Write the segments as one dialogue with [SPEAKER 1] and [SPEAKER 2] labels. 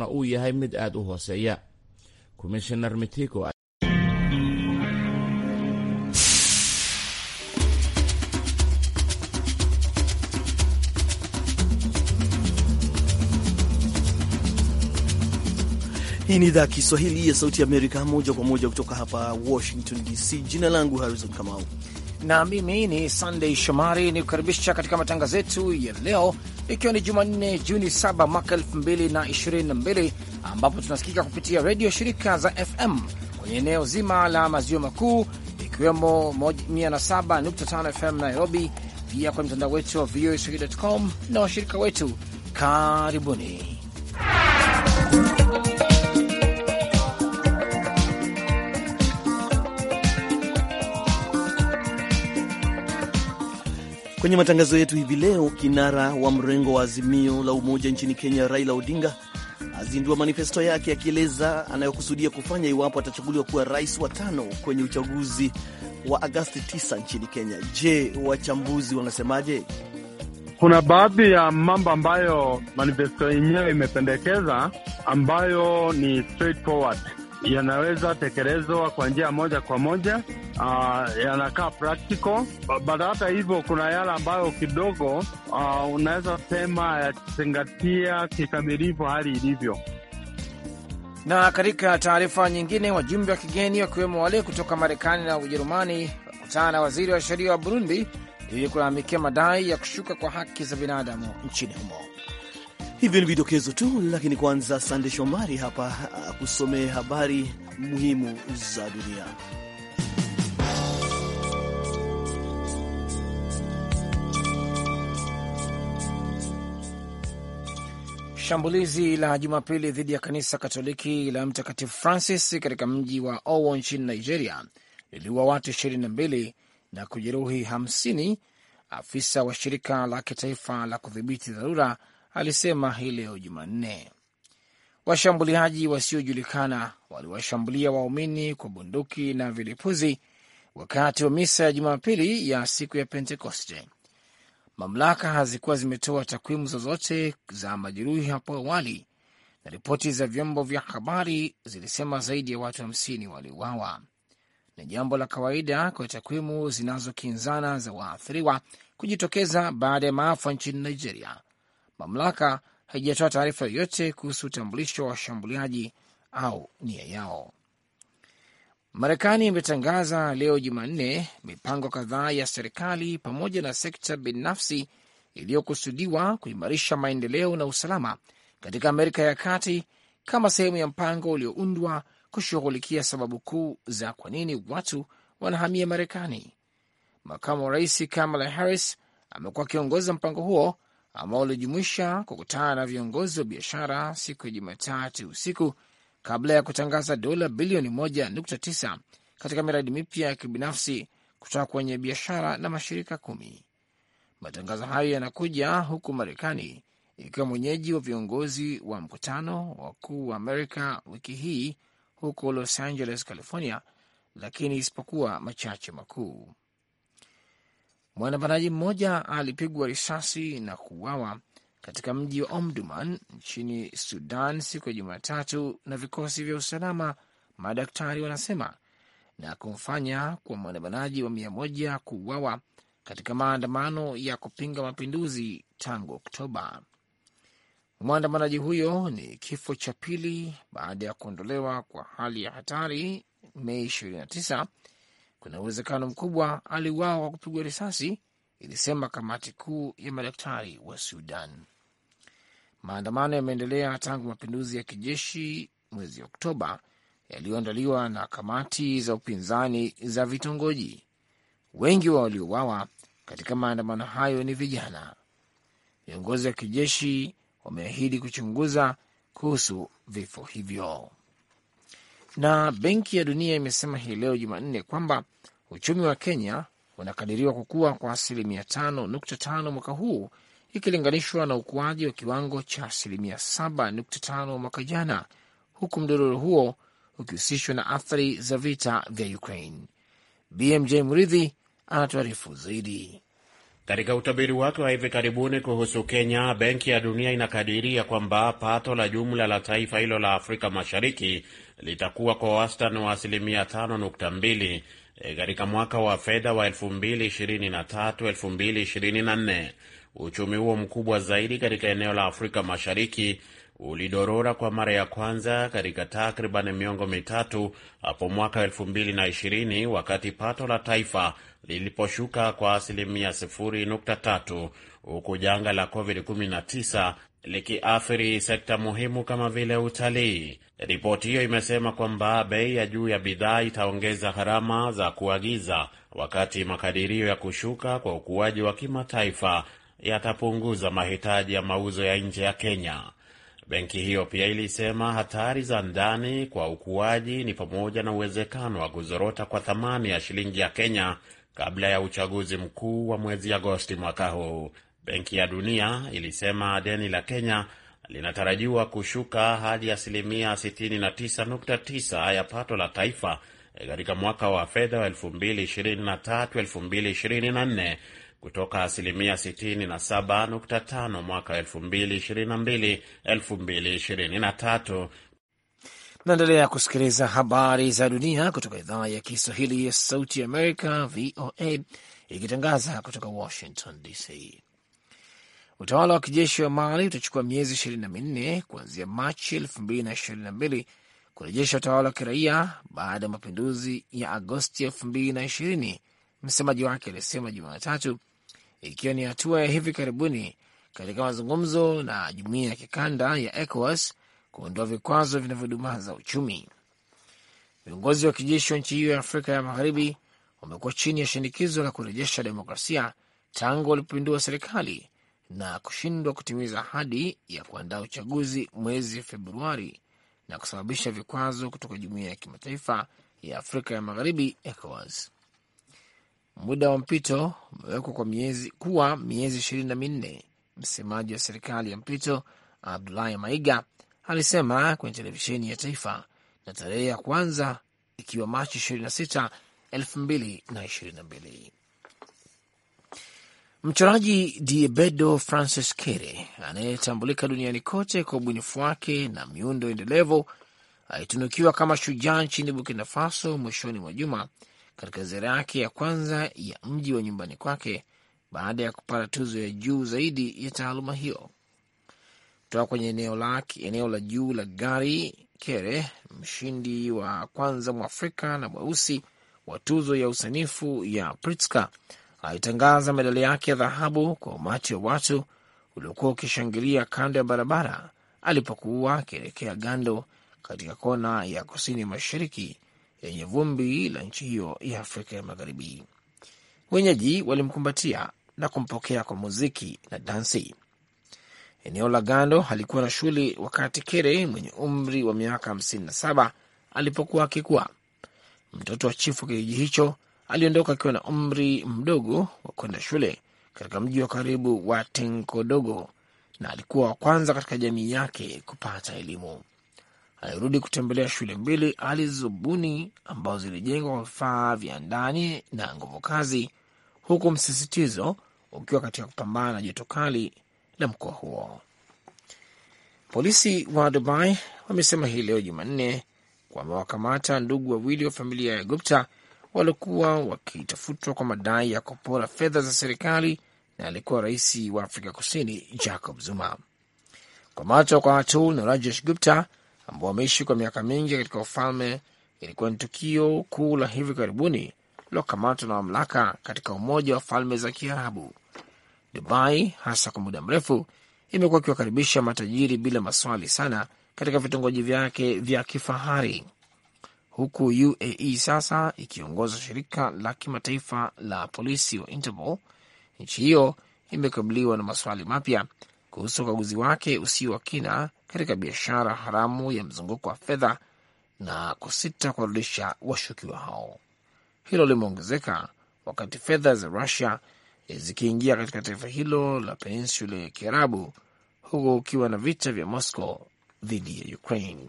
[SPEAKER 1] na uu yahay mid aad u hooseeya. Komishanar Mitiko
[SPEAKER 2] Hii ni idhaa Kiswahili ya Sauti ya Amerika, moja kwa moja kutoka hapa Washington DC. Jina langu Harrison Kamau na mimi ni Sunday Shomari ni kukaribisha katika
[SPEAKER 1] matangazo yetu ya leo, ikiwa ni Jumanne Juni 7 mwaka 2022 ambapo tunasikika kupitia redio shirika za FM kwenye eneo zima la maziwa makuu ikiwemo 107.5 FM Nairobi, pia kwenye mtandao wetu wa voaswahili.com na washirika wetu. Karibuni.
[SPEAKER 2] Kwenye matangazo yetu hivi leo, kinara wa mrengo wa Azimio la Umoja nchini Kenya Raila Odinga azindua manifesto yake akieleza anayokusudia kufanya iwapo atachaguliwa kuwa rais wa tano kwenye uchaguzi wa Agasti 9 nchini Kenya. Je, wachambuzi wanasemaje? Kuna baadhi ya mambo ambayo manifesto yenyewe imependekeza
[SPEAKER 3] ambayo ni straightforward yanaweza tekelezwa kwa njia moja kwa moja, ah, yanakaa practical. Baada hata hivyo, kuna yale ambayo kidogo
[SPEAKER 1] ah, unaweza sema yazingatia kikamilifu hali ilivyo. Na katika taarifa nyingine, wajumbe wa kigeni wakiwemo wale kutoka Marekani na Ujerumani wakutana na waziri wa sheria wa Burundi ili kulalamikia madai ya kushuka
[SPEAKER 2] kwa haki za binadamu nchini humo. Hivyo ni vidokezo tu, lakini kwanza, Sande Shomari hapa uh, kusomee habari muhimu za dunia.
[SPEAKER 1] Shambulizi la Jumapili dhidi ya kanisa Katoliki la Mtakatifu Francis katika mji wa Owo nchini Nigeria liliua watu 22 na kujeruhi 50, afisa wa shirika la kitaifa la kudhibiti dharura alisema hii leo Jumanne. Washambuliaji wasiojulikana waliwashambulia waumini kwa bunduki na vilipuzi wakati wa misa ya Jumapili ya siku ya Pentekoste. Mamlaka hazikuwa zimetoa takwimu zozote za majeruhi hapo awali, na ripoti za vyombo vya habari zilisema zaidi ya watu hamsini waliuawa. Ni jambo la kawaida kwa takwimu zinazokinzana za waathiriwa kujitokeza baada ya maafa nchini Nigeria Mamlaka haijatoa taarifa yoyote kuhusu utambulisho wa washambuliaji au nia yao. Marekani imetangaza leo Jumanne mipango kadhaa ya serikali pamoja na sekta binafsi iliyokusudiwa kuimarisha maendeleo na usalama katika Amerika ya Kati kama sehemu ya mpango ulioundwa kushughulikia sababu kuu za kwa nini watu wanahamia Marekani. Makamu wa rais Kamala Harris amekuwa akiongoza mpango huo ambao ulijumuisha kukutana na viongozi wa biashara siku ya Jumatatu usiku kabla ya kutangaza dola bilioni 1.9 katika miradi mipya ya kibinafsi kutoka kwenye biashara na mashirika kumi. Matangazo hayo yanakuja huku Marekani ikiwa mwenyeji wa viongozi wa mkutano wakuu wa Amerika wiki hii huko Los Angeles, California, lakini isipokuwa machache makuu. Mwandamanaji mmoja alipigwa risasi na kuuawa katika mji wa Omduman nchini Sudan siku ya Jumatatu na vikosi vya usalama, madaktari wanasema, na kumfanya kwa mwandamanaji wa mia moja kuuawa katika maandamano ya kupinga mapinduzi tangu Oktoba. Mwandamanaji huyo ni kifo cha pili baada ya kuondolewa kwa hali ya hatari Mei 29 kuna uwezekano mkubwa aliuawa kwa kupigwa risasi, ilisema kamati kuu ya madaktari wa Sudan. Maandamano yameendelea tangu mapinduzi ya kijeshi mwezi Oktoba yaliyoandaliwa na kamati za upinzani za vitongoji. Wengi wa waliouawa katika maandamano hayo ni vijana. Viongozi wa kijeshi wameahidi kuchunguza kuhusu vifo hivyo. Na Benki ya Dunia imesema hii leo Jumanne kwamba uchumi wa Kenya unakadiriwa kukua kwa asilimia 5.5 mwaka huu ikilinganishwa na ukuaji wa kiwango cha asilimia 7.5 mwaka jana, huku mdororo huo ukihusishwa na athari za vita vya Ukraine. BMJ Mridhi anatuarifu
[SPEAKER 4] zaidi. Katika utabiri wake wa hivi karibuni kuhusu Kenya, Benki ya Dunia inakadiria kwamba pato la jumla la taifa hilo la Afrika Mashariki litakuwa kwa wastani wa asilimia 5.2 e, katika mwaka wa fedha wa 2023-2024. Uchumi huo mkubwa zaidi katika eneo la Afrika Mashariki ulidorora kwa mara ya kwanza katika takriban miongo mitatu hapo mwaka 2020 wakati pato la taifa liliposhuka kwa asilimia 0.3 huku janga la COVID-19 likiathiri sekta muhimu kama vile utalii. Ripoti hiyo imesema kwamba bei ya juu ya bidhaa itaongeza gharama za kuagiza, wakati makadirio ya kushuka kwa ukuaji wa kimataifa yatapunguza mahitaji ya mauzo ya nje ya Kenya. Benki hiyo pia ilisema hatari za ndani kwa ukuaji ni pamoja na uwezekano wa kuzorota kwa thamani ya shilingi ya Kenya kabla ya uchaguzi mkuu wa mwezi Agosti mwaka huu. Benki ya Dunia ilisema deni la Kenya linatarajiwa kushuka hadi asilimia 69.9 ya pato la taifa katika mwaka wa fedha wa 2023-2024 kutoka asilimia 67.5 mwaka 2022-2023.
[SPEAKER 1] Naendelea kusikiliza habari za dunia kutoka idhaa ya Kiswahili ya Sauti ya Amerika, VOA, ikitangaza kutoka Washington DC. Utawala wa kijeshi wa Mali utachukua miezi ishirini na minne kuanzia Machi elfu mbili na ishirini na mbili kurejesha utawala wa kiraia baada ya mapinduzi ya Agosti elfu mbili na ishirini, msemaji wake alisema Jumatatu, ikiwa ni hatua ya hivi karibuni katika mazungumzo na jumuiya ya kikanda ya ECOWAS kuondoa vikwazo vinavyodumaza uchumi. Viongozi wa kijeshi wa nchi hiyo ya Afrika ya Magharibi wamekuwa chini ya shinikizo la kurejesha demokrasia tangu walipopindua serikali na kushindwa kutimiza ahadi ya kuandaa uchaguzi mwezi Februari na kusababisha vikwazo kutoka jumuiya ya kimataifa ya Afrika ya Magharibi, ECOWAS. Muda wa mpito umewekwa kwa miezi kuwa miezi ishirini na minne. Msemaji wa serikali ya mpito Abdulahi Maiga alisema kwenye televisheni ya taifa, na tarehe ya kwanza ikiwa Machi na mbili. Mchoraji Diebedo Francis Kere anayetambulika duniani kote kwa ubunifu wake na miundo endelevu alitunukiwa kama shujaa nchini Burkina Faso mwishoni mwa juma katika ziara yake ya kwanza ya mji wa nyumbani kwake baada ya kupata tuzo ya juu zaidi ya taaluma hiyo kutoka kwenye eneo la, eneo la juu la gari. Kere, mshindi wa kwanza mwafrika na mweusi wa tuzo ya usanifu ya Pritzker, alitangaza medali yake ya dhahabu kwa umati wa watu uliokuwa ukishangilia kando ya barabara alipokuwa akielekea Gando katika kona ya kusini mashariki yenye vumbi la nchi hiyo ya Afrika ya Magharibi. Wenyeji walimkumbatia na kumpokea kwa muziki na dansi. Eneo la Gando halikuwa na shule wakati Kere mwenye umri wa miaka saba alipokuwa akikuwa. Mtoto wa chifu kijiji hicho aliondoka akiwa na umri mdogo wa kwenda shule katika mji wa karibu wa Tenkodogo na alikuwa wa kwanza katika jamii yake kupata elimu. Alirudi kutembelea shule mbili alizobuni ambazo zilijengwa kwa vifaa vya ndani na nguvu kazi, huku msisitizo ukiwa katika kupambana na joto kali la mkoa huo. Polisi wa Dubai wamesema hii leo Jumanne wamewakamata ndugu wawili wa familia ya Gupta walikuwa wakitafutwa kwa madai ya kupora fedha za serikali na alikuwa rais wa Afrika Kusini Jacob Zuma. Kukamatwa kwa Atul na Rajesh Gupta ambao wameishi kwa miaka mingi katika ufalme ilikuwa ni tukio kuu la hivi karibuni lilokamatwa na mamlaka katika Umoja wa Falme za Kiarabu. Dubai hasa kwa muda mrefu imekuwa ikiwakaribisha matajiri bila maswali sana katika vitongoji vyake vya kifahari huku UAE sasa ikiongoza shirika la kimataifa la polisi wa Interpol. Nchi hiyo imekabiliwa na maswali mapya kuhusu ukaguzi wake usio wa kina katika biashara haramu ya mzunguko wa fedha na kusita kuwarudisha washukiwa hao. Hilo limeongezeka wakati fedha za Rusia zikiingia katika taifa hilo la peninsula ya Kiarabu, huku ukiwa na vita vya Moscow dhidi ya Ukraine.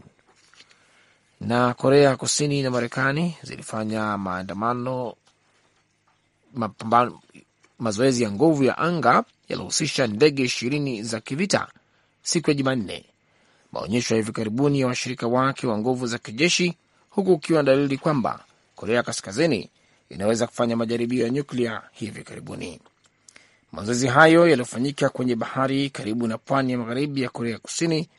[SPEAKER 1] Na Korea Kusini na Marekani zilifanya maandamano mapambano, mazoezi ya nguvu ya anga yalihusisha ndege ishirini za kivita siku ya Jumanne, maonyesho ya hivi karibuni ya washirika wake wa nguvu za kijeshi, huku ukiwa na dalili kwamba Korea Kaskazini inaweza kufanya majaribio ya nyuklia hivi karibuni. Mazoezi hayo yaliyofanyika kwenye bahari karibu na pwani ya magharibi ya Korea Kusini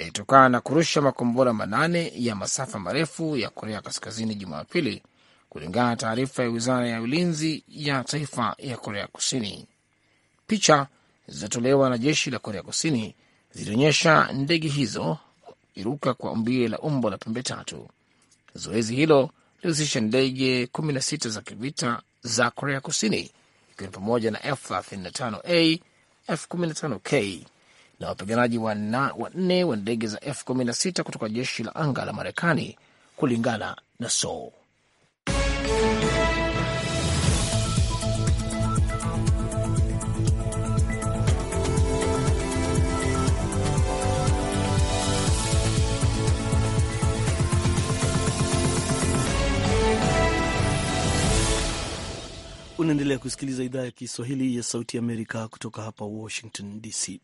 [SPEAKER 1] yalitokana e, na kurusha makombora manane ya masafa marefu ya Korea Kaskazini Jumapili, kulingana na taarifa ya wizara ya ulinzi ya taifa ya Korea Kusini. Picha zilizotolewa na jeshi la Korea Kusini zilionyesha ndege hizo iruka kwa umbile la umbo la pembe tatu. Zoezi hilo lilihusisha ndege 16 za kivita za Korea Kusini, ikiwa ni pamoja na F35A, F15K na wapiganaji wanne wa ndege za F-16 kutoka jeshi la anga la Marekani, kulingana na Seoul.
[SPEAKER 2] Unaendelea kusikiliza idhaa ya Kiswahili ya Sauti ya Amerika kutoka hapa Washington DC.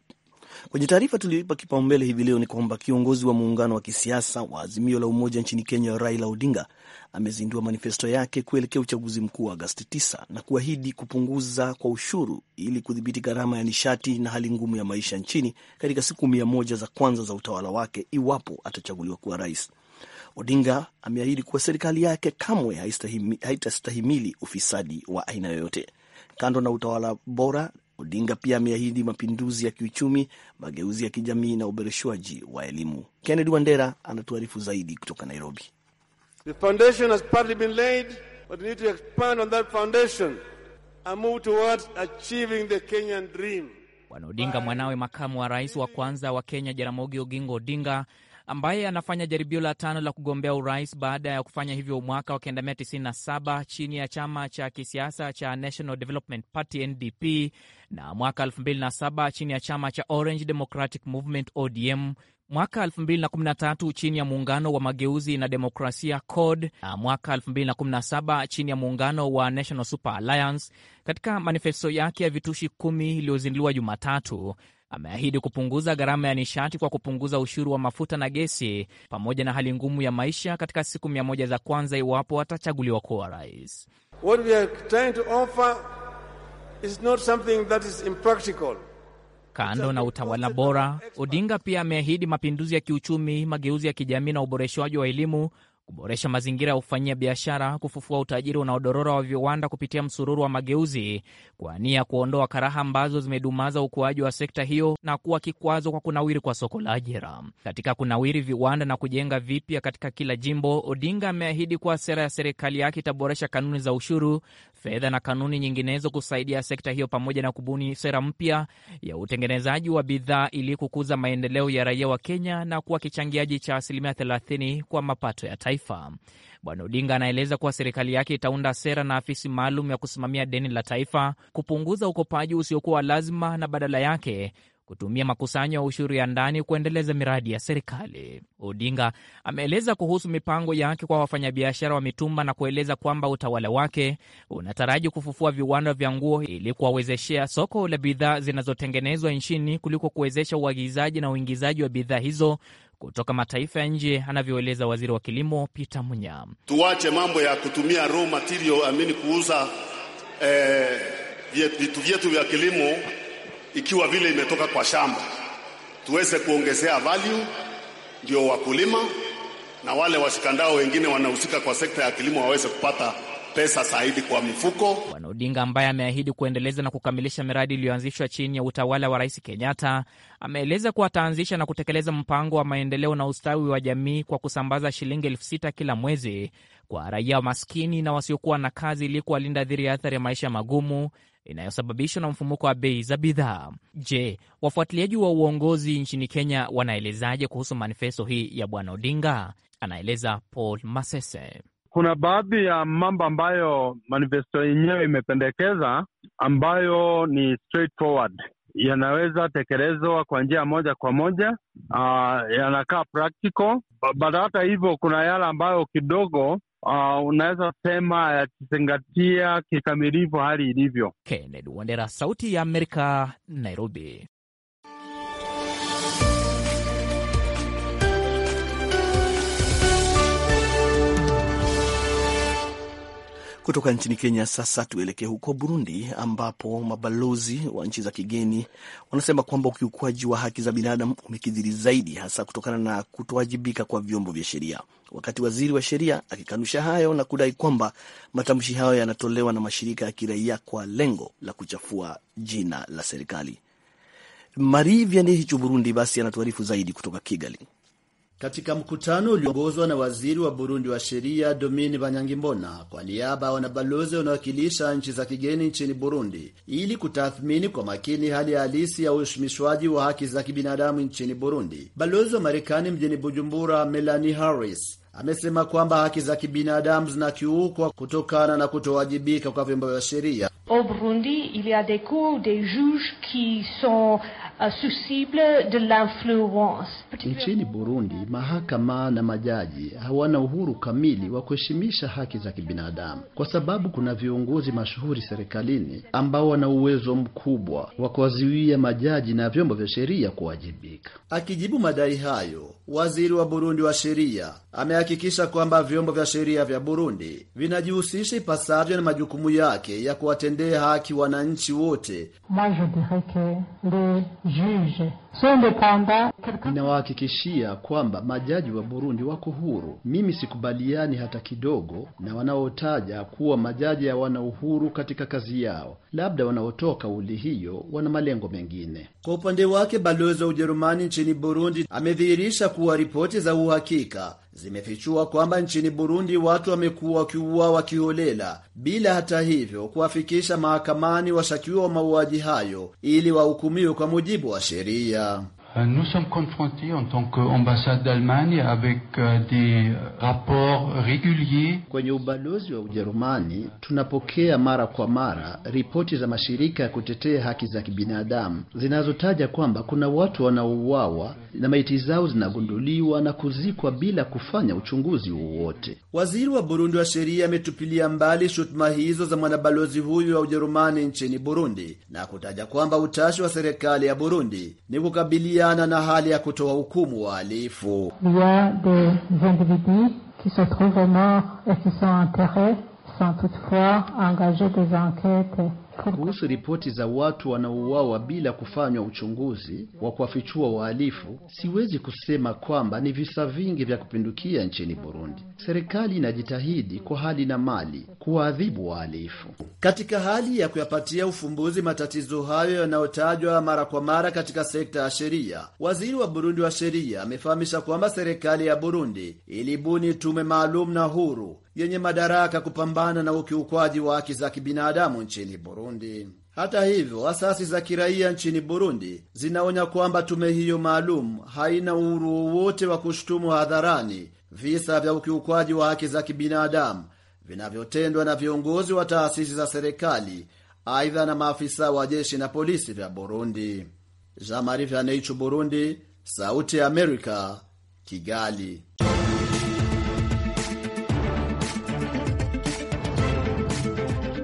[SPEAKER 2] Kwenye taarifa tuliyoipa kipaumbele hivi leo ni kwamba kiongozi wa muungano wa kisiasa wa Azimio la Umoja nchini Kenya, Raila Odinga, amezindua manifesto yake kuelekea uchaguzi mkuu wa Agasti 9 na kuahidi kupunguza kwa ushuru ili kudhibiti gharama ya nishati na hali ngumu ya maisha nchini katika siku mia moja za kwanza za utawala wake iwapo atachaguliwa kuwa rais. Odinga ameahidi kuwa serikali yake kamwe haitastahimili ufisadi wa aina yoyote. Kando na utawala bora, Odinga pia ameahidi mapinduzi ya kiuchumi, mageuzi ya kijamii na uboreshwaji wa elimu. Kennedy Wandera anatuarifu zaidi kutoka Nairobi.
[SPEAKER 4] The foundation has partly been laid, but we need to expand on that foundation and move towards achieving the Kenyan dream.
[SPEAKER 5] Bwana Odinga, mwanawe makamu wa rais wa kwanza wa Kenya Jaramogi Oginga Odinga, ambaye anafanya jaribio la tano la kugombea urais baada ya kufanya hivyo mwaka wa 1997 chini ya chama cha kisiasa cha National Development Party NDP, na mwaka 2007 chini ya chama cha Orange Democratic Movement ODM, mwaka 2013 chini ya muungano wa mageuzi na demokrasia CORD na mwaka 2017 chini ya muungano wa National Super Alliance. Katika manifesto yake ya vitushi kumi iliyozinduliwa Jumatatu, ameahidi kupunguza gharama ya nishati kwa kupunguza ushuru wa mafuta na gesi pamoja na hali ngumu ya maisha katika siku mia moja za kwanza iwapo atachaguliwa kuwa rais. Kando na utawala bora, Odinga pia ameahidi mapinduzi ya kiuchumi, mageuzi ya kijamii na uboreshwaji wa elimu kuboresha mazingira ya kufanyia biashara, kufufua utajiri unaodorora wa viwanda kupitia msururu wa mageuzi kwa nia kuondoa karaha ambazo zimedumaza ukuaji wa sekta hiyo na kuwa kikwazo kwa kunawiri kwa soko la ajira. Katika kunawiri viwanda na kujenga vipya katika kila jimbo, Odinga ameahidi kuwa sera ya serikali yake itaboresha kanuni za ushuru, fedha na kanuni nyinginezo kusaidia sekta hiyo, pamoja na kubuni sera mpya ya utengenezaji wa bidhaa ili kukuza maendeleo ya raia wa Kenya na kuwa kichangiaji cha asilimia 30 kwa mapato ya taifa taifa. Bwana Odinga anaeleza kuwa serikali yake itaunda sera na afisi maalum ya kusimamia deni la taifa, kupunguza ukopaji usiokuwa lazima na badala yake kutumia makusanyo ya ushuru ya ndani kuendeleza miradi ya serikali. Odinga ameeleza kuhusu mipango yake kwa wafanyabiashara wa mitumba na kueleza kwamba utawala wake unataraji kufufua viwanda vya nguo ili kuwawezeshea soko la bidhaa zinazotengenezwa nchini kuliko kuwezesha uagizaji na uingizaji wa bidhaa hizo kutoka mataifa ya nje, anavyoeleza waziri wa kilimo Peter Munya.
[SPEAKER 4] Tuache mambo ya kutumia raw material amini kuuza eh, vitu vyetu vya kilimo ikiwa vile imetoka kwa shamba, tuweze kuongezea value ndio wakulima na wale washikandao wengine wanahusika kwa sekta ya kilimo waweze kupata pesa zaidi kwa mifuko. Bwana
[SPEAKER 5] Odinga ambaye ameahidi kuendeleza na kukamilisha miradi iliyoanzishwa chini ya utawala wa Rais Kenyatta ameeleza kuwa ataanzisha na kutekeleza mpango wa maendeleo na ustawi wa jamii kwa kusambaza shilingi elfu sita kila mwezi kwa raia maskini na wasiokuwa na kazi ili kuwalinda dhiri ya athari ya maisha magumu inayosababishwa na mfumuko wa bei za bidhaa. Je, wafuatiliaji wa uongozi nchini Kenya wanaelezaje kuhusu manifesto hii ya Bwana Odinga? Anaeleza Paul Masese
[SPEAKER 3] kuna baadhi ya mambo ambayo manifesto yenyewe imependekeza ambayo ni straightforward yanaweza tekelezwa kwa njia moja kwa moja. Uh, yanakaa practical, but hata hivyo kuna yale ambayo kidogo uh, unaweza sema yakizingatia
[SPEAKER 5] kikamilifu hali ilivyo. Kennedy Wandera, Sauti ya Amerika, Nairobi.
[SPEAKER 2] Kutoka nchini Kenya sasa tuelekee huko Burundi, ambapo mabalozi wa nchi za kigeni wanasema kwamba ukiukwaji wa haki za binadamu umekidhiri zaidi, hasa kutokana na kutowajibika kwa vyombo vya sheria, wakati waziri wa sheria akikanusha hayo na kudai kwamba matamshi hayo yanatolewa na mashirika ya kiraia kwa lengo la kuchafua jina la serikali. Marie Vianney Hichu, Burundi, basi anatuarifu zaidi kutoka Kigali
[SPEAKER 6] katika mkutano ulioongozwa na waziri wa Burundi wa sheria Domini Banyangimbona kwa niaba ya wanabalozi wanaowakilisha nchi za kigeni nchini Burundi ili kutathmini kwa makini hali ya halisi ya uheshimishwaji wa haki za kibinadamu nchini Burundi. Balozi wa Marekani mjini Bujumbura Melanie Harris amesema kwamba haki za kibinadamu zinakiukwa kutokana na kutowajibika kwa vyombo vya sheria.
[SPEAKER 7] Au Burundi il y a des cours des juges qui sont Euh,
[SPEAKER 6] Nchini Burundi, mahakama na majaji hawana uhuru kamili wa kuheshimisha haki za kibinadamu kwa sababu kuna viongozi mashuhuri serikalini ambao wana uwezo mkubwa wa kuwazuia majaji na vyombo vya sheria kuwajibika. Akijibu madai hayo, waziri wa Burundi wa sheria amehakikisha kwamba vyombo vya sheria vya Burundi vinajihusisha ipasavyo na majukumu yake ya kuwatendea haki wananchi wote inawahakikishia kwamba majaji wa Burundi wako huru. Mimi sikubaliani hata kidogo na wanaotaja kuwa majaji hawana uhuru katika kazi yao. Labda wanaotoa kauli hiyo wana malengo mengine. Kwa upande wake, balozi wa Ujerumani nchini Burundi amedhihirisha kuwa ripoti za uhakika zimefichua kwamba nchini Burundi watu wamekuwa wakiua wakiholela bila hata hivyo kuwafikisha mahakamani washakiwa wa mauaji hayo ili wahukumiwe kwa mujibu wa sheria. Euh, nous sommes confrontés en tant qu'ambassade d'Allemagne avec euh, des rapports réguliers. Kwenye ubalozi wa Ujerumani tunapokea mara kwa mara ripoti za mashirika ya kutetea haki za kibinadamu zinazotaja kwamba kuna watu wanaouawa na maiti zao zinagunduliwa na kuzikwa bila kufanya uchunguzi wowote. Waziri wa Burundi wa sheria ametupilia mbali shutuma hizo za mwanabalozi huyu wa Ujerumani nchini Burundi na kutaja kwamba utashi wa serikali ya Burundi ni kukabilia Il y
[SPEAKER 8] a des individus qui se trouvent morts et qui sont enterrés sans toutefois engager des enquêtes.
[SPEAKER 6] Kuhusu ripoti za watu wanaouawa bila kufanywa uchunguzi wa kuwafichua wahalifu, siwezi kusema kwamba ni visa vingi vya kupindukia nchini Burundi. Serikali inajitahidi kwa hali na mali kuwaadhibu wahalifu. Katika hali ya kuyapatia ufumbuzi matatizo hayo yanayotajwa mara kwa mara katika sekta ya sheria, waziri wa Burundi wa sheria amefahamisha kwamba serikali ya Burundi ilibuni tume maalum na huru yenye madaraka kupambana na ukiukwaji wa haki za kibinadamu nchini Burundi. Burundi. Hata hivyo, asasi za kiraia nchini Burundi zinaonya kwamba tume hiyo maalum haina uhuru wowote wa kushutumu hadharani visa vya ukiukwaji wa haki za kibinadamu vinavyotendwa na viongozi wa taasisi za serikali, aidha na maafisa wa jeshi na polisi vya Burundi. Jean Marie Vianney, Burundi, Sauti ya Amerika, Kigali.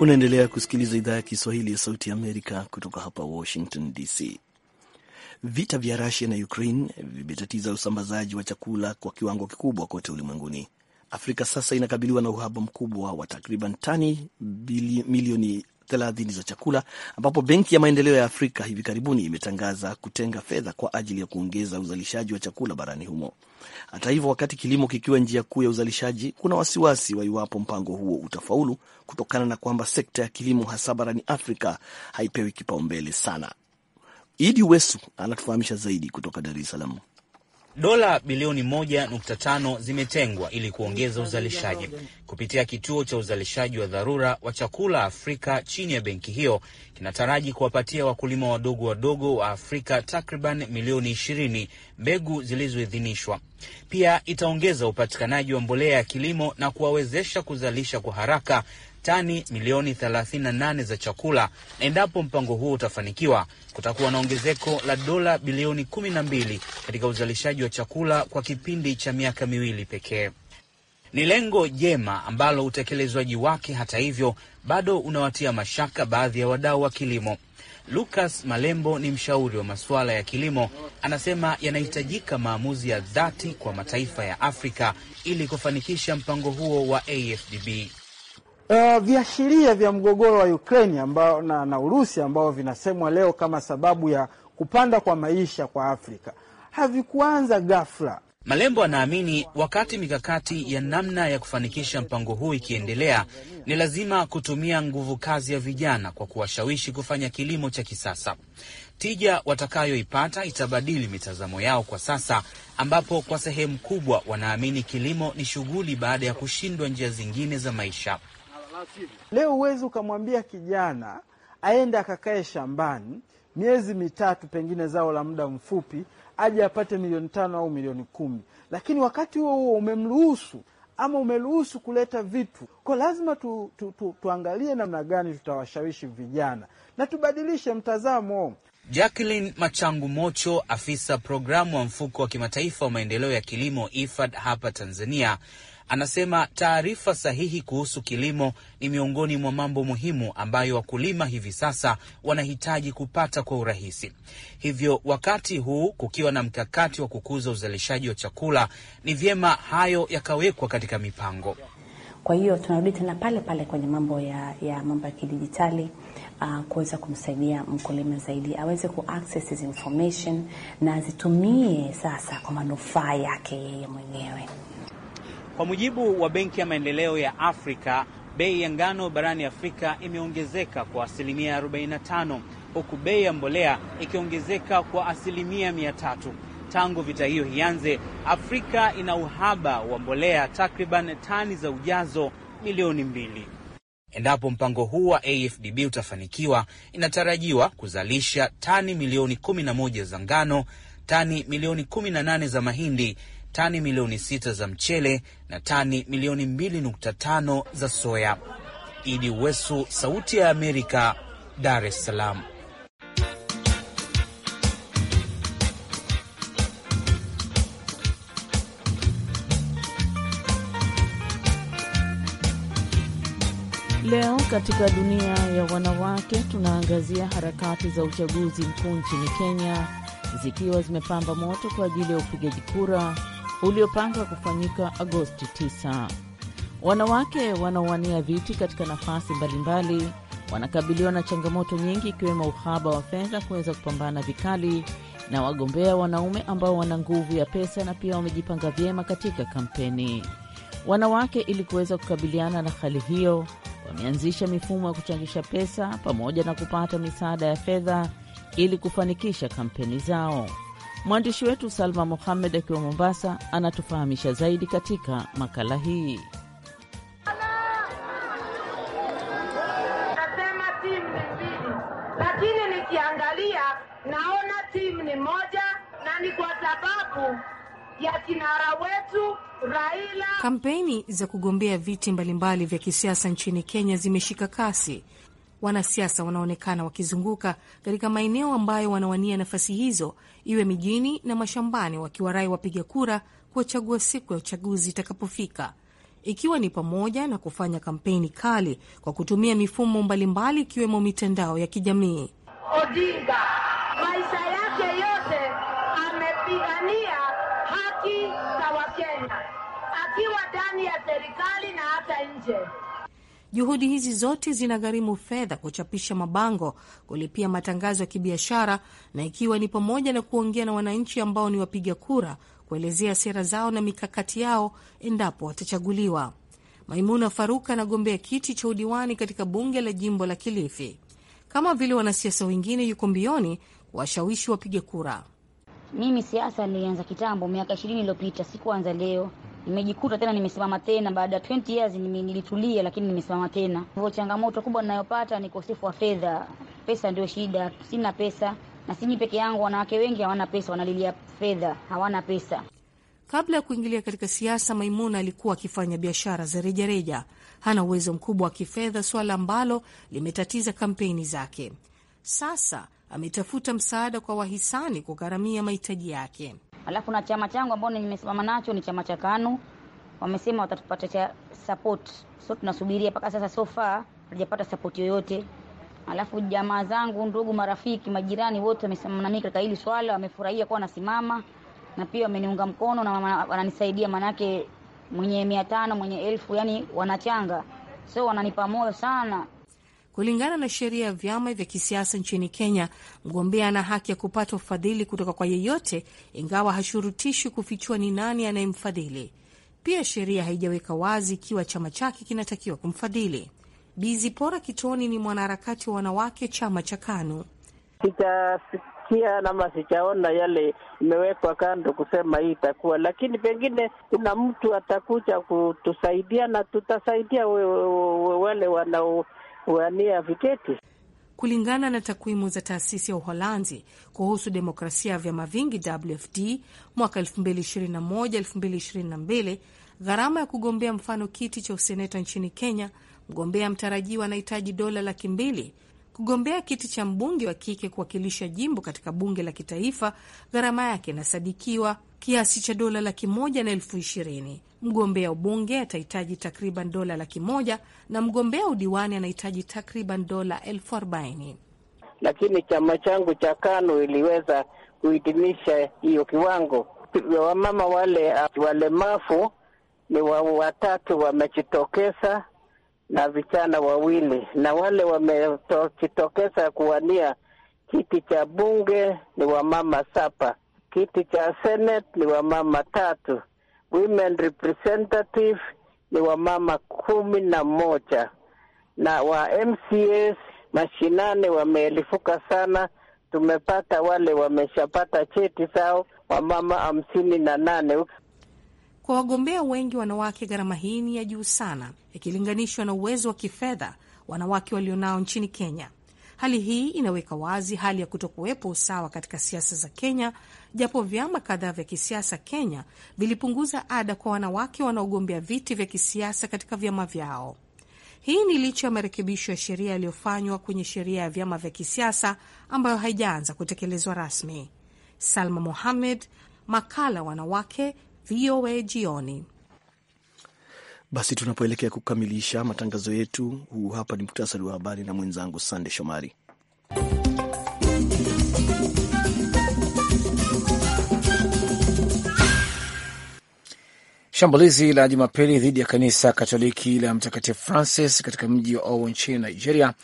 [SPEAKER 2] Unaendelea kusikiliza idhaa ya Kiswahili ya Sauti ya Amerika kutoka hapa Washington DC. Vita vya Rusia na Ukraine vimetatiza usambazaji wa chakula kwa kiwango kikubwa kote ulimwenguni. Afrika sasa inakabiliwa na uhaba mkubwa wa takriban tani bili, milioni 30 za chakula, ambapo Benki ya Maendeleo ya Afrika hivi karibuni imetangaza kutenga fedha kwa ajili ya kuongeza uzalishaji wa chakula barani humo. Hata hivyo, wakati kilimo kikiwa njia kuu ya uzalishaji, kuna wasiwasi wa iwapo mpango huo utafaulu kutokana na kwamba sekta ya kilimo hasa barani Afrika haipewi kipaumbele sana. Idi Wesu anatufahamisha zaidi kutoka Dar es Salaam.
[SPEAKER 3] Dola bilioni 1.5 zimetengwa ili kuongeza uzalishaji kupitia kituo cha uzalishaji wa dharura wa chakula Afrika chini ya benki hiyo kinataraji kuwapatia wakulima wadogo wadogo wa Afrika takriban milioni 20 mbegu zilizoidhinishwa. Pia itaongeza upatikanaji wa mbolea ya kilimo na kuwawezesha kuzalisha kwa haraka tani milioni 38 za chakula, na endapo mpango huo utafanikiwa, kutakuwa na ongezeko la dola bilioni 12 katika uzalishaji wa chakula kwa kipindi cha miaka miwili pekee. Ni lengo jema ambalo utekelezwaji wake hata hivyo bado unawatia mashaka baadhi ya wadau wa kilimo. Lucas Malembo ni mshauri wa masuala ya kilimo, anasema yanahitajika maamuzi ya dhati kwa mataifa ya Afrika ili kufanikisha mpango huo wa AfDB. Uh, viashiria vya mgogoro wa Ukraine ambao na, na Urusi ambao vinasemwa leo kama sababu ya kupanda kwa maisha kwa Afrika havikuanza ghafla. Malembo anaamini wakati mikakati ya namna ya kufanikisha mpango huu ikiendelea, ni lazima kutumia nguvu kazi ya vijana kwa kuwashawishi kufanya kilimo cha kisasa. Tija watakayoipata itabadili mitazamo yao kwa sasa, ambapo kwa sehemu kubwa wanaamini kilimo ni shughuli baada ya kushindwa njia zingine za maisha. Leo huwezi ukamwambia kijana aende akakae shambani miezi mitatu, pengine zao la muda mfupi, aje apate milioni tano au milioni kumi, lakini wakati huo huo umemruhusu ama umeruhusu kuleta vitu kwa lazima tu, tu, tu, tuangalie namna gani tutawashawishi vijana na tubadilishe mtazamo. Jacqueline Machangu Mocho, afisa programu wa mfuko wa kimataifa wa maendeleo ya kilimo IFAD hapa Tanzania, Anasema taarifa sahihi kuhusu kilimo ni miongoni mwa mambo muhimu ambayo wakulima hivi sasa wanahitaji kupata kwa urahisi. Hivyo wakati huu kukiwa na mkakati wa kukuza uzalishaji wa chakula, ni vyema hayo yakawekwa katika mipango.
[SPEAKER 7] Kwa hiyo tunarudi tena pale pale kwenye mambo ya, ya mambo ya kidijitali uh, kuweza kumsaidia mkulima zaidi aweze ku access his information na azitumie sasa kwa manufaa yake yeye mwenyewe.
[SPEAKER 3] Kwa mujibu wa Benki ya Maendeleo ya Afrika, bei ya ngano barani Afrika imeongezeka kwa asilimia 45 huku bei ya mbolea ikiongezeka kwa asilimia 300. Tangu vita hiyo ianze, Afrika ina uhaba wa mbolea takriban tani za ujazo milioni mbili. Endapo mpango huu wa AfDB utafanikiwa, inatarajiwa kuzalisha tani milioni 11 za ngano, tani milioni 18 za mahindi tani milioni sita za mchele na tani milioni mbili nukta tano za soya. Idi Wesu, Sauti ya Amerika, Dar es Salaam.
[SPEAKER 8] Leo katika dunia ya wanawake
[SPEAKER 5] tunaangazia harakati za uchaguzi mkuu nchini Kenya zikiwa zimepamba moto kwa ajili ya upigaji kura uliopangwa kufanyika Agosti 9. Wanawake wanaowania viti katika nafasi mbalimbali wanakabiliwa na changamoto nyingi, ikiwemo uhaba wa fedha kuweza kupambana vikali na wagombea wanaume ambao wana nguvu ya pesa na pia wamejipanga vyema katika kampeni. Wanawake ili kuweza kukabiliana na hali hiyo, wameanzisha mifumo ya kuchangisha pesa pamoja na kupata misaada ya fedha ili kufanikisha kampeni zao. Mwandishi wetu Salma Mohamed akiwa Mombasa anatufahamisha zaidi katika makala hii.
[SPEAKER 7] Nasema timu ni mbili, lakini nikiangalia naona timu ni moja, na ni kwa sababu ya kinara wetu Raila. Kampeni za kugombea viti mbalimbali vya kisiasa nchini Kenya zimeshika kasi wanasiasa wanaonekana wakizunguka katika maeneo ambayo wanawania nafasi hizo, iwe mijini na mashambani, wakiwarai wapiga kura kuwachagua siku ya uchaguzi itakapofika, ikiwa ni pamoja na kufanya kampeni kali kwa kutumia mifumo mbalimbali ikiwemo mbali mitandao ya kijamii. Odinga maisha
[SPEAKER 8] yake yote
[SPEAKER 7] amepigania haki za Wakenya akiwa ndani ya
[SPEAKER 6] serikali na hata nje.
[SPEAKER 7] Juhudi hizi zote zinagharimu fedha, kuchapisha mabango, kulipia matangazo ya kibiashara, na ikiwa ni pamoja na kuongea na wananchi ambao ni wapiga kura, kuelezea sera zao na mikakati yao endapo watachaguliwa. Maimuna Faruka anagombea kiti cha udiwani katika bunge la jimbo la Kilifi. Kama vile wanasiasa wengine, yuko mbioni washawishi wapiga kura. Mimi
[SPEAKER 3] siasa nilianza kitambo, miaka ishirini iliyopita, sikuanza leo nimejikuta tena nimesimama tena baada ya 20 years nilitulia lakini nimesimama tena. Hivyo changamoto kubwa ninayopata ni ukosefu wa fedha. Pesa ndio shida, sina pesa na sini peke yangu, wanawake wengi hawana pesa, wanalilia
[SPEAKER 7] fedha, hawana pesa. Kabla ya kuingilia katika siasa, Maimuna alikuwa akifanya biashara za rejareja. Hana uwezo mkubwa wa kifedha, suala ambalo limetatiza kampeni zake. Sasa ametafuta msaada kwa wahisani kugharamia mahitaji yake. Alafu na chama changu ambao nimesimama nacho ni chama cha KANU, wamesema cha
[SPEAKER 3] support, so tunasubiria mpaka sasa, so far hatujapata support yoyote. Alafu jamaa zangu, ndugu, marafiki, majirani wote wamesimama nami katika hili swala, wamefurahia kuwa nasimama na pia wameniunga mkono na wananisaidia, manake mwenye mia tano mwenye elfu, yani wanachanga, so wananipa moyo sana.
[SPEAKER 7] Kulingana na sheria ya vyama vya kisiasa nchini Kenya, mgombea ana haki ya kupata ufadhili kutoka kwa yeyote, ingawa hashurutishwi kufichua ni nani anayemfadhili. Pia sheria haijaweka wazi ikiwa chama chake kinatakiwa kumfadhili. Bi Kitoni ni mwanaharakati wa wanawake chama cha KANU.
[SPEAKER 8] Sijasikia nama sijaona yale imewekwa kando kusema hii itakuwa, lakini pengine kuna mtu atakuja kutusaidia na tutasaidia wale wanao wania viketi.
[SPEAKER 7] Kulingana na takwimu za taasisi ya Uholanzi kuhusu demokrasia ya vyama vingi WFD mwaka 2021-2022, gharama ya kugombea mfano kiti cha useneta nchini Kenya, mgombea mtarajiwa anahitaji dola laki mbili kugombea kiti cha mbunge wa kike kuwakilisha jimbo katika bunge la kitaifa, gharama yake inasadikiwa kiasi cha dola laki moja na elfu ishirini mgombea ubunge atahitaji takriban dola laki moja na mgombea udiwani anahitaji takriban dola elfu arobaini
[SPEAKER 8] lakini chama changu cha KANU iliweza kuhitimisha hiyo kiwango. Wamama wale walemavu ni wa, watatu wamejitokeza na vijana wawili, na wale wamejitokeza kuwania kiti cha bunge ni wamama saba, kiti cha senate ni wamama tatu women representative ni wamama kumi na moja na wa MCS mashinani wameelifuka sana. Tumepata wale wameshapata cheti zao wamama hamsini na nane.
[SPEAKER 7] Kwa wagombea wengi wanawake, gharama hii ni ya juu sana ikilinganishwa na uwezo wa kifedha wanawake walionao nchini Kenya. Hali hii inaweka wazi hali ya kutokuwepo usawa katika siasa za Kenya, japo vyama kadhaa vya kisiasa Kenya vilipunguza ada kwa wanawake wanaogombea viti vya kisiasa katika vyama vyao. Hii ni licha ya marekebisho ya sheria yaliyofanywa kwenye sheria ya vyama vya kisiasa ambayo haijaanza kutekelezwa rasmi. Salma Mohamed, makala wanawake, VOA Jioni.
[SPEAKER 2] Basi tunapoelekea kukamilisha matangazo yetu, huu hapa ni mktasari wa habari na mwenzangu Sande Shomari.
[SPEAKER 1] Shambulizi la Jumapili dhidi ya kanisa Katoliki la Mtakatifu Francis katika mji wa Owo nchini Nigeria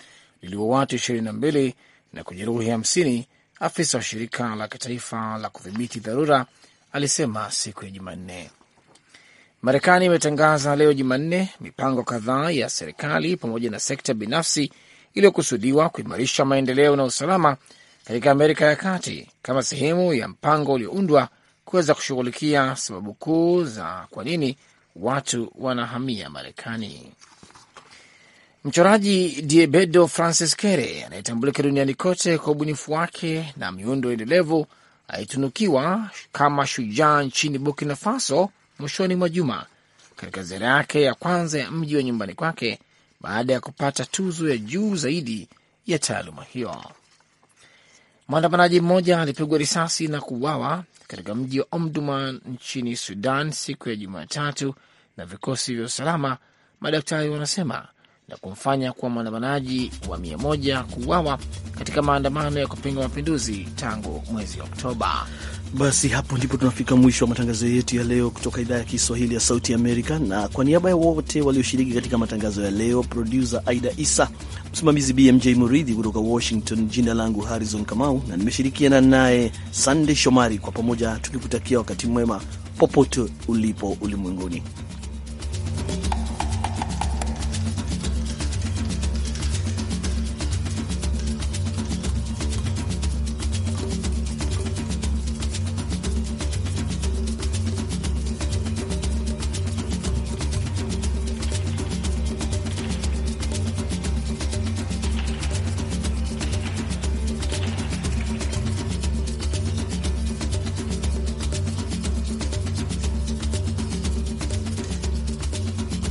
[SPEAKER 1] liliua watu 22 na kujeruhi 50, afisa wa shirika la kitaifa la kudhibiti dharura alisema siku ya Jumanne. Marekani imetangaza leo Jumanne mipango kadhaa ya serikali pamoja na sekta binafsi iliyokusudiwa kuimarisha maendeleo na usalama katika Amerika ya Kati kama sehemu ya mpango ulioundwa kuweza kushughulikia sababu kuu za kwa nini watu wanahamia Marekani. Mchoraji Diebedo Francis Kere anayetambulika duniani kote kwa ubunifu wake na miundo endelevu alitunukiwa kama shujaa nchini Burkina Faso mwishoni mwa juma katika ziara yake ya kwanza ya mji wa nyumbani kwake baada ya kupata tuzo ya juu zaidi ya taaluma hiyo. Mwandamanaji mmoja alipigwa risasi na kuuawa katika mji wa Omdurman nchini Sudan siku ya Jumatatu na vikosi vya usalama, madaktari wanasema, na kumfanya kuwa mwandamanaji wa mia moja kuuawa katika maandamano ya kupinga mapinduzi tangu mwezi Oktoba.
[SPEAKER 2] Basi hapo ndipo tunafika mwisho wa matangazo yetu ya leo kutoka idhaa ya Kiswahili ya Sauti Amerika, na kwa niaba ya wote walioshiriki katika matangazo ya leo, produsa Aida Isa, msimamizi BMJ Muridhi kutoka Washington, jina langu Harrison Kamau na nimeshirikiana naye Sandey Shomari, kwa pamoja tukikutakia wakati mwema popote ulipo ulimwenguni.